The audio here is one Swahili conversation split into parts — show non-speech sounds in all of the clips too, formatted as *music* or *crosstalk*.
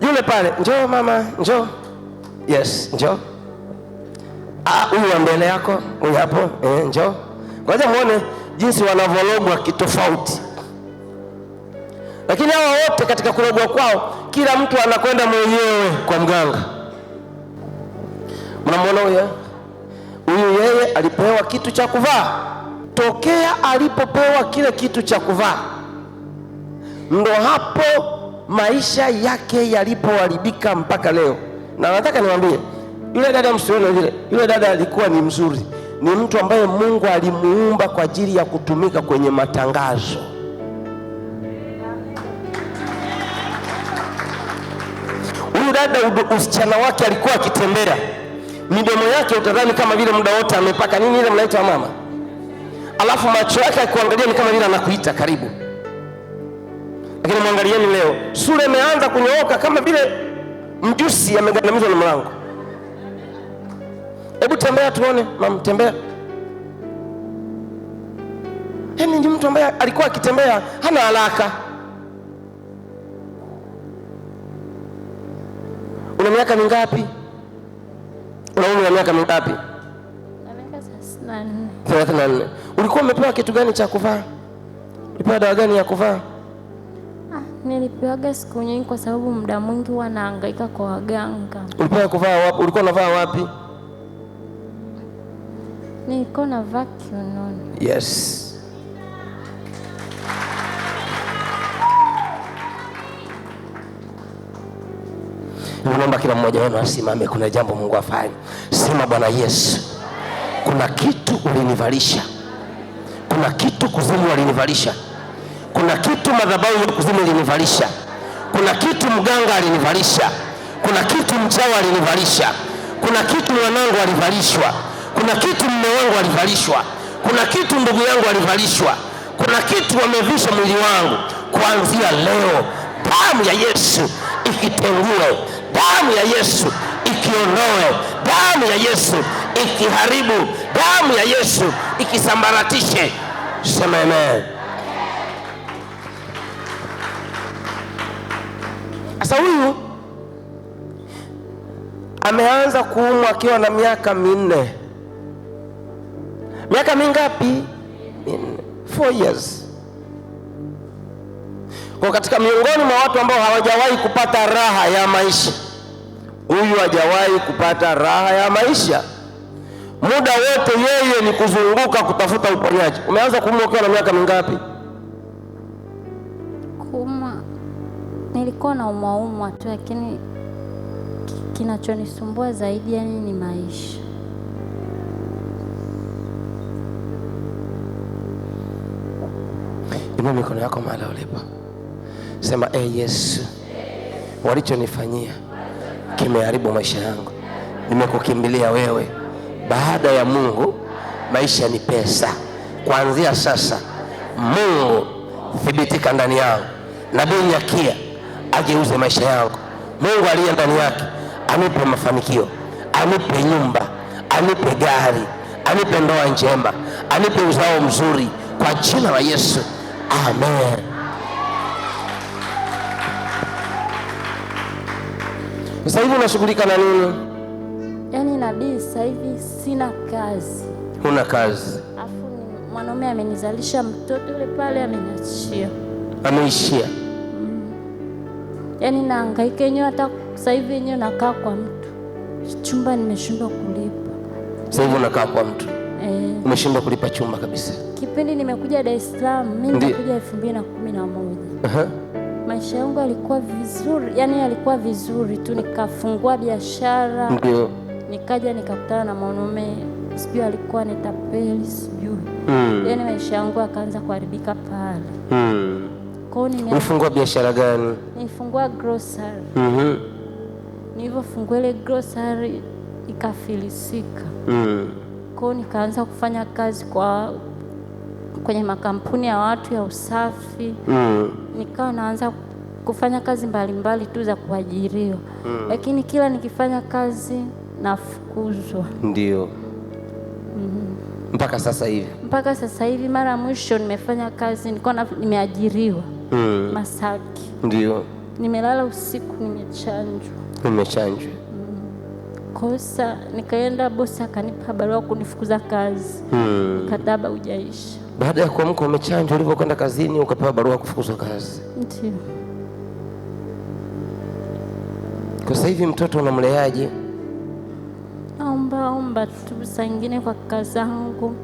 Yule pale, njoo mama, njoo. Yes, njoo. Ah, huyu wa mbele yako, huyu hapo, eh, njoo. Ngoja muone jinsi wanavyologwa kitofauti. Lakini hawa wote katika kulogwa kwao, kila mtu anakwenda mwenyewe kwa mganga. Mnamwona huyo? Huyu yeye alipewa kitu cha kuvaa. Tokea alipopewa kile kitu cha kuvaa, ndo hapo maisha yake yalipoharibika mpaka leo. Na nataka niwaambie yule dada, msione vile, yule dada alikuwa ni mzuri, ni mtu ambaye Mungu alimuumba kwa ajili ya kutumika kwenye matangazo. Huyu dada, usichana wake alikuwa akitembea, midomo yake utadhani kama vile muda wote amepaka nini ile mnaita mama, alafu macho yake akikuangalia ni kama vile anakuita karibu lakini mwangalieni leo, sura imeanza kunyooka kama vile mjusi amegandamizwa na mlango. Hebu tembea tuone, mama, tembea. Yaani ni mtu ambaye alikuwa akitembea hana haraka. Una miaka mingapi? Una umri wa miaka mingapi? Thelathini na nne. Ulikuwa umepewa kitu gani cha kuvaa? Ulipewa dawa gani ya kuvaa? Nilipewaga siku nyingi kwa sababu muda mwingi huwa kwa waganga. Ulipewa kuvaa wapi? Ulikuwa unavaa wapi? Nilikuwa navaa kiunoni. Yes. Naomba kila mmoja wenu asimame, kuna jambo Mungu afanye. Sema Bwana Yesu, kuna kitu ulinivalisha, kuna kitu kuzimu walinivalisha kuna kitu madhabahu ya kuzimu ilinivalisha, kuna kitu mganga alinivalisha, kuna kitu mchawi alinivalisha, kuna kitu mwanangu alivalishwa, kuna kitu mume wangu alivalishwa, kuna kitu ndugu yangu alivalishwa, kuna kitu wamevisha mwili wangu. Kuanzia leo damu ya Yesu ikitengue, damu ya Yesu ikiondoe, damu ya Yesu ikiharibu, damu ya Yesu ikisambaratishe. Sema amen. Sasa huyu ameanza kuumwa akiwa na miaka minne. Miaka mingapi? Minne, four years. Kwa katika miongoni mwa watu ambao hawajawahi kupata raha ya maisha, huyu hajawahi kupata raha ya maisha. Muda wote yeye ni kuzunguka kutafuta uponyaji. Umeanza kuumwa ukiwa na miaka mingapi? Kuumwa nilikuwa na umwaumwa tu, lakini kinachonisumbua zaidi yani ni maisha. Inua mikono yako mahali ulipo, sema e, Yesu, walichonifanyia kimeharibu maisha yangu, nimekukimbilia wewe. Baada ya Mungu maisha ni pesa. Kuanzia sasa, Mungu thibitika ndani yangu. Nabii Nyakia ageuze maisha yangu. Mungu aliye ndani yake anipe mafanikio, anipe nyumba, anipe gari, anipe ndoa njema, anipe uzao mzuri, kwa jina la Yesu, amen. Sasa hivi unashughulika na nini? Yaani nabii, sasa hivi sina kazi. Huna kazi? Afu mwanaume amenizalisha mtoto, yule pale ameniachia, ameishia yaani naangaika yenyewe. Hata sasa hivi yenyewe nakaa kwa mtu, chumba nimeshindwa kulipa. Sasa hivi unakaa kwa mtu eh? Umeshindwa kulipa chumba kabisa? Kipindi nimekuja Dar es Salaam mimi nilikuja elfu mbili na kumi na moja maisha yangu yalikuwa vizuri, yani yalikuwa vizuri tu, nikafungua biashara ndio nikaja nikakutana na mwanaume sijui alikuwa ni tapeli sijui, mm. yaani maisha yangu yakaanza kuharibika pale mm sokoni. Ufungua biashara gani? nifungua grocery. Mhm. Nilivyofungua ile grocery ikafilisika. Mhm. Kwao nikaanza kufanya kazi kwa kwenye makampuni ya watu ya usafi. Mm. Nikawa naanza kufanya kazi mbalimbali tu za kuajiriwa. Mm. Lakini kila nikifanya kazi nafukuzwa. Ndio. Mm -hmm. Mpaka sasa hivi mpaka sasa hivi. Mara mwisho nimefanya kazi nilikuwa nimeajiriwa mm. Masaki ndio nimelala usiku, nimechanjwa nimechanjwa mm. Kosa nikaenda bosi akanipa barua kunifukuza kazi mm. Mkataba hujaisha. Baada ya kuamka umechanjwa, ulivyokwenda kazini ukapewa barua kufukuzwa kazi. Ndio kwa sasa hivi mtoto unamleaje? Omba omba tu, saa ingine kwa kaka zangu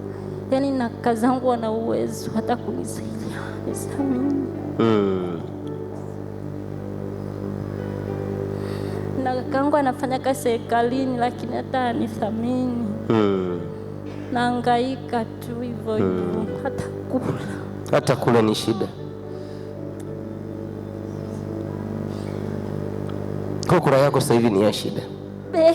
yani na kaka zangu wana uwezo hata kunisaidia nisamini. mm. na kakaangu anafanya kazi serikalini, lakini hata anithamini. mm. naangaika tu hivyo hivyo. mm. hata kula hata kula ni shida. Kula yako sasa hivi ni ya shida Be.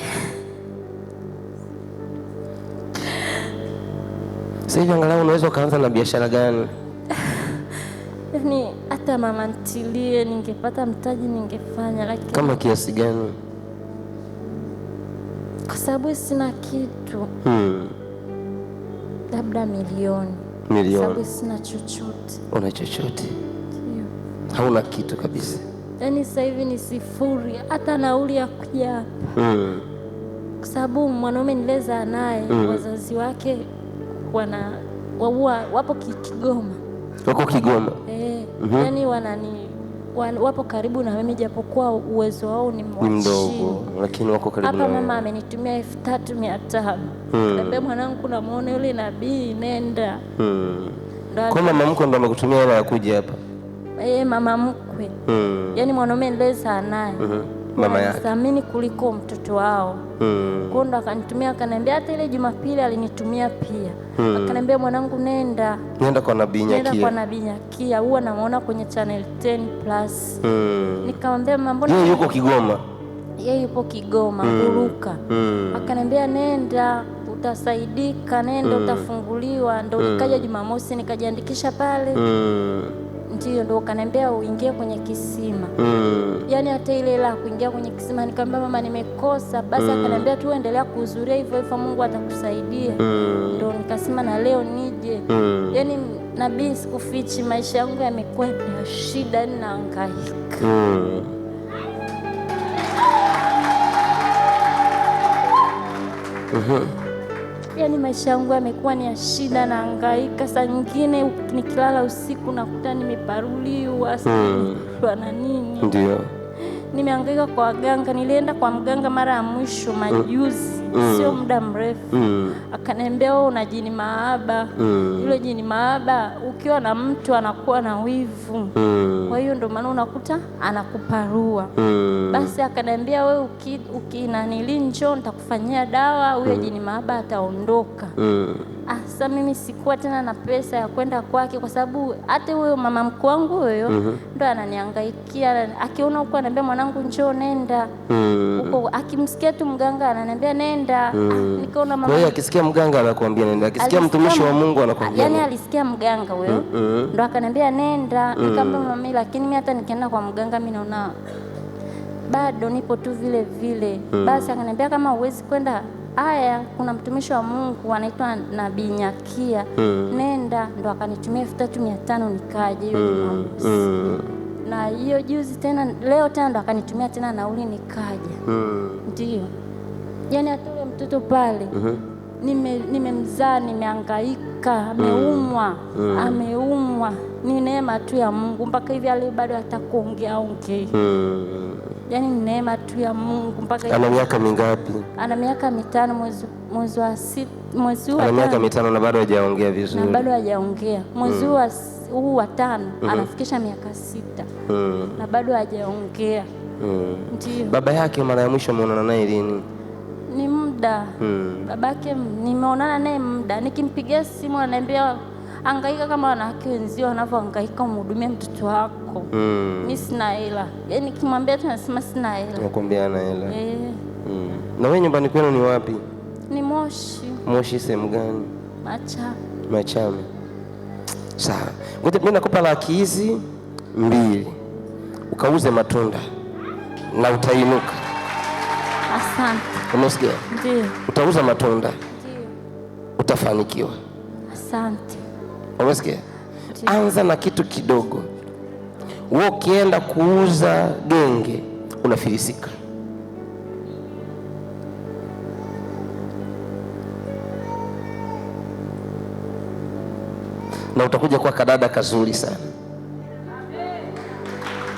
Sasa hivi angalau unaweza ukaanza na biashara gani? *laughs* Yaani hata mama ntilie, ningepata mtaji ningefanya, lakini kama kiasi gani? Kwa sababu sina kitu hmm. Labda milioni milioni, sababu sina chochote. Una chochote? Hauna kitu kabisa? Yaani sasa hivi ni sifuri, hata nauli ya kuja hapa hmm. Kwa sababu mwanaume nileza naye hmm. wazazi wake wana wawua, wapo Kigoma, wako Kigoma eh, mm -hmm. Yani wanani wapo karibu na mimi japokuwa uwezo wao ni mdogo, lakini wako karibu. Hapa mama amenitumia elfu tatu mia tano nikamwambia hmm. mwanangu, kuna muone yule nabii, nenda hmm. Kwa mama ndo amekutumia hela ya kuja hapa eh, mama mkwe hmm. Yani mwanaume nilezaa naye hmm mama yake thamini kuliko mtoto wao mm. Kwa ndo akanitumia akaniambia, hata ile Jumapili alinitumia pia Hmm. Akaniambia, mwanangu, nenda nenda kwa Nabii Nyakia, nenda kwa Nabii Nyakia, huwa namuona kwenye channel 10 plus mm. Nikamwambia, mambo yeye yuko Kigoma, yeye yupo Kigoma hmm. Buruka Hmm. Hmm. Akaniambia, nenda utasaidika, nenda hmm, utafunguliwa. Ndo nikaja hmm. Jumamosi nikajiandikisha pale mm. Ndio, ndo ukaniambia uingie kwenye kisima mm. Yaani hata ile la kuingia kwenye kisima nikamwambia mama, nimekosa basi mm. Akaniambia tu endelea kuhudhuria hivyo hivyo, Mungu atakusaidia mm. Ndo nikasema na leo nije mm. Yaani nabii, sikufichi maisha yangu yamekuwa na shida, yaani angaika mm. uh -huh yani maisha yangu yamekuwa ni ya shida na angaika. Saa nyingine nikilala usiku nakuta nimeparuliwa mm. na nini. Ndio. kwa waganga, nilienda kwa mganga mara ya mwisho hmm. majuzi mm. sio muda mrefu mm. akaniambia wewe oh, una jini maaba mm. yule jini maaba ukiwa na mtu anakuwa na wivu mm. kwa hiyo ndio maana unakuta anakuparua mm. basi akaniambia wewe ukinanili uki, njoo nitakufanyia dawa huyo mm. jini maaba ataondoka mm ah, sasa mimi sikuwa tena na pesa ya kwenda kwake, kwa sababu hata huyo mama mkuu wangu huyo mm -hmm. ndo ananihangaikia, akiona huko ananiambia mwanangu, njoo nenda mhm. huko mm -hmm. akimsikia tu mganga ananiambia nenda mm -hmm. nikaona mama huyo akisikia mganga anakuambia nenda, akisikia mtumishi wa Mungu anakuambia yani, alisikia mganga huyo mm -hmm. ndo akaniambia nenda mm -hmm. nikamwambia mama, lakini mimi hata nikienda kwa mganga mimi naona bado nipo tu vile vile mm -hmm. basi akaniambia kama huwezi kwenda aya, kuna mtumishi wa Mungu anaitwa Nabii Nyakia mm. nenda, ndo akanitumia elfu tatu mia tano nikaje hiyo Jumamosi mm. Hmm. na hiyo juzi tena leo tena ndo akanitumia tena nauli nikaja mm. ndio yani atule mtoto pale mm -hmm. Nimemzaa, nime nimehangaika, ameumwa mm. ameumwa, ni neema tu ya Mungu. Mpaka hivi leo bado atakuongea kuongea okay. mm yani ni neema tu ya Mungu. Mpaka ana miaka mingapi? Ana miaka mitano mwezi wa sita mwezi huu. Ana miaka mitano na bado hajaongea vizuri, na bado hajaongea mwezi mm. huu mm. wa tano mm -hmm. anafikisha miaka sita mm. na bado hajaongea mm. Ndio. Baba yake mara ya mwisho ameonana naye lini? Ni muda mm. babake nimeonana naye muda, nikimpigia simu ananiambia angaika kama wanawake wenzio wanavyohangaika umhudumie mtoto wako. Mm. Mimi sina hela. Yaani kimwambia tu nasema sina hela. Nakwambia ana hela. Eh. Mm. Na wewe nyumbani kwenu ni wapi? Ni Moshi. Moshi sehemu gani? Macha. Machame. Sawa. Ngoja mimi nakupa laki hizi mbili. Ukauze matunda na utainuka. Asante. Ndio. Utauza matunda. Ndio. Utafanikiwa. Asante. Umesikia? Anza na kitu kidogo. Wewe ukienda kuuza genge unafilisika. Na utakuja kuwa kadada kazuri sana,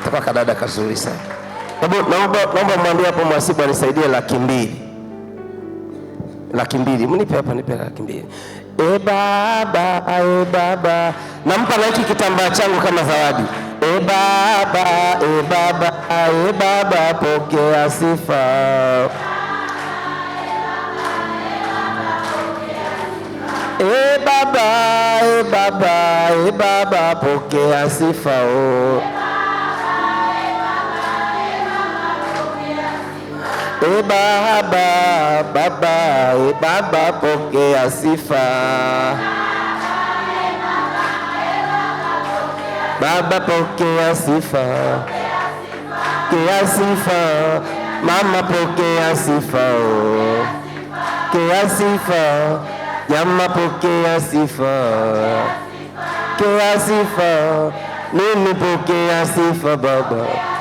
utakuwa kadada kazuri sana. Naomba mwambie hapo mwasibu anisaidie laki mbili laki mbili, mnipe hapa, nipe laki mbili. E baba, e baba, nampa na hiki kitambaa changu kama zawadi. E baba, e baba, e baba, pokea sifa e baba, e baba, e baba, pokea sifa oh. E Baba, Baba, e Baba, pokea sifa. Baba, pokea sifa, pokea sifa. Mama, pokea sifa, pokea sifa. Jama, pokea sifa, pokea sifa. Mimi, pokea sifa Baba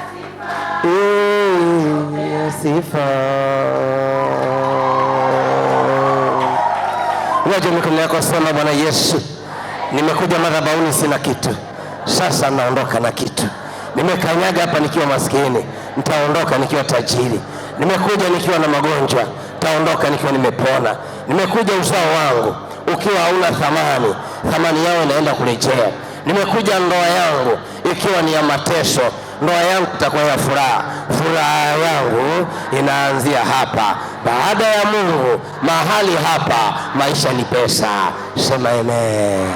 sifa. Mikono yako sema, Bwana Yesu, nimekuja madhabahuni sina kitu, sasa naondoka na kitu. Nimekanyaga hapa nikiwa maskini, nitaondoka nikiwa tajiri. Nimekuja nikiwa na magonjwa, nitaondoka nikiwa nimepona. Nimekuja uzao wangu ukiwa hauna thamani, thamani yao inaenda kurejea. Nimekuja ndoa yangu ikiwa ni ya mateso, ndoa yangu itakuwa ya furaha furaha yangu inaanzia hapa. Baada ya Mungu, mahali hapa maisha ni pesa. Sema amen.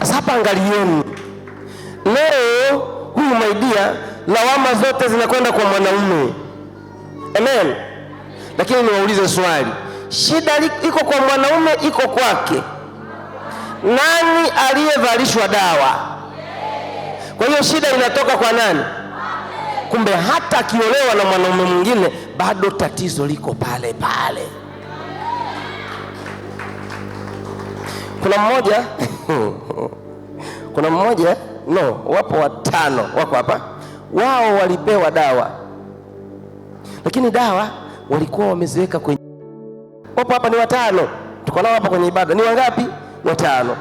Sasa angalieni leo, huyu maidia, lawama zote zinakwenda kwa mwanaume. Amen. Lakini niwaulize swali, shida iko kwa mwanaume, iko kwake nani aliyevalishwa dawa? Kwa hiyo shida inatoka kwa nani? Kumbe hata akiolewa na mwanaume mwingine bado tatizo liko pale pale. Kuna mmoja *laughs* kuna mmoja no, wapo watano wako hapa, wao walipewa dawa, lakini dawa walikuwa wameziweka kwenye, wapo hapa ni watano, tuko nao hapa kwenye ibada. Ni wangapi? watano.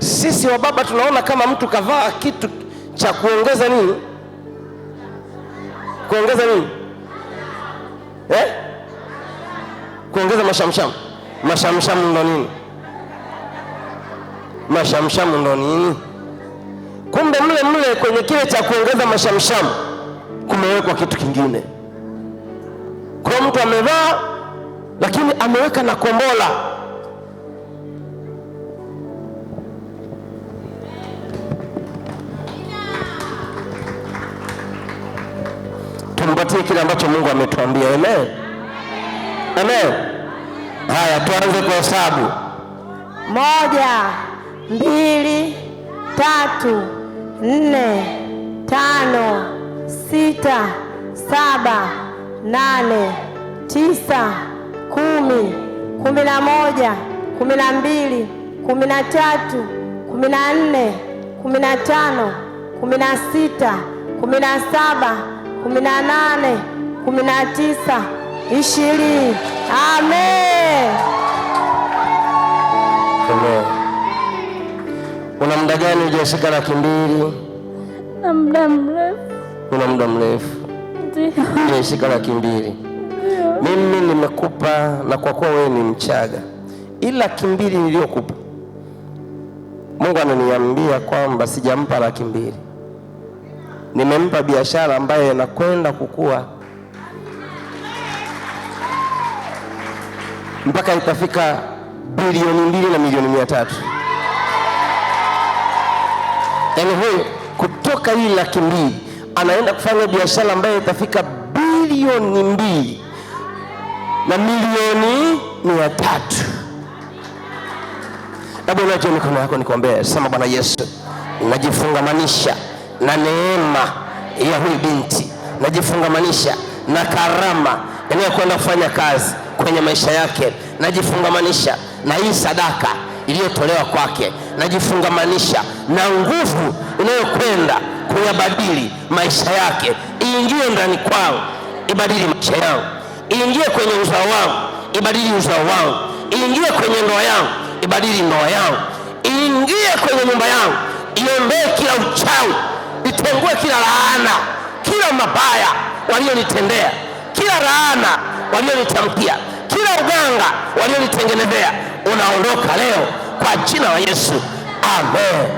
Sisi wa baba tunaona kama mtu kavaa kitu cha kuongeza nini, kuongeza nini eh? Kuongeza mashamsham. Mashamsham ndo nini? Mashamsham ndo nini? kumbe mle mle kwenye kile cha kuongeza mashamsham kumewekwa kitu kingine. Kwa mtu amevaa, lakini ameweka na kombola. Tumpatie kile ambacho Mungu ametuambia. Amen, amen. Haya, tuanze hesabu moja, mbili, tatu nne, tano, sita, saba, nane, tisa, kumi, kumi na moja, kumi na mbili, kumi na tatu, kumi na nne, kumi na tano, kumi na sita, kumi na saba, kumi na nane, kumi na tisa, ishirini. Amen. Amen. Una muda gani hujashika laki mbili? Na muda mrefu. Una muda mrefu hujashika laki mbili? Mimi nimekupa na kwa kuwa wewe ni Mchaga, ila laki mbili niliyokupa Mungu ananiambia kwamba sijampa laki mbili, nimempa biashara ambayo inakwenda kukua mpaka itafika bilioni mbili na milioni mia tatu yaani huyu kutoka hii laki mbili anaenda kufanya biashara ambayo itafika bilioni mbili na milioni mia tatu. Labda unajua mikono yako nikuombea, sema Bwana Yesu, najifungamanisha na neema ya huyu binti, najifungamanisha na karama yanayokwenda kufanya kazi kwenye maisha yake, najifungamanisha na hii sadaka iliyotolewa kwake, najifungamanisha na nguvu inayokwenda kuyabadili maisha yake, iingie ndani kwangu, ibadili maisha yangu, iingie kwenye uzao wangu, ibadili uzao wangu, iingie kwenye ndoa yangu, ibadili ndoa yangu, iingie kwenye nyumba yangu, iondoe kila uchawi, itengue kila laana, kila mabaya walionitendea, kila laana walionitamkia, kila uganga walionitengenezea unaondoka leo kwa jina la Yesu, amen.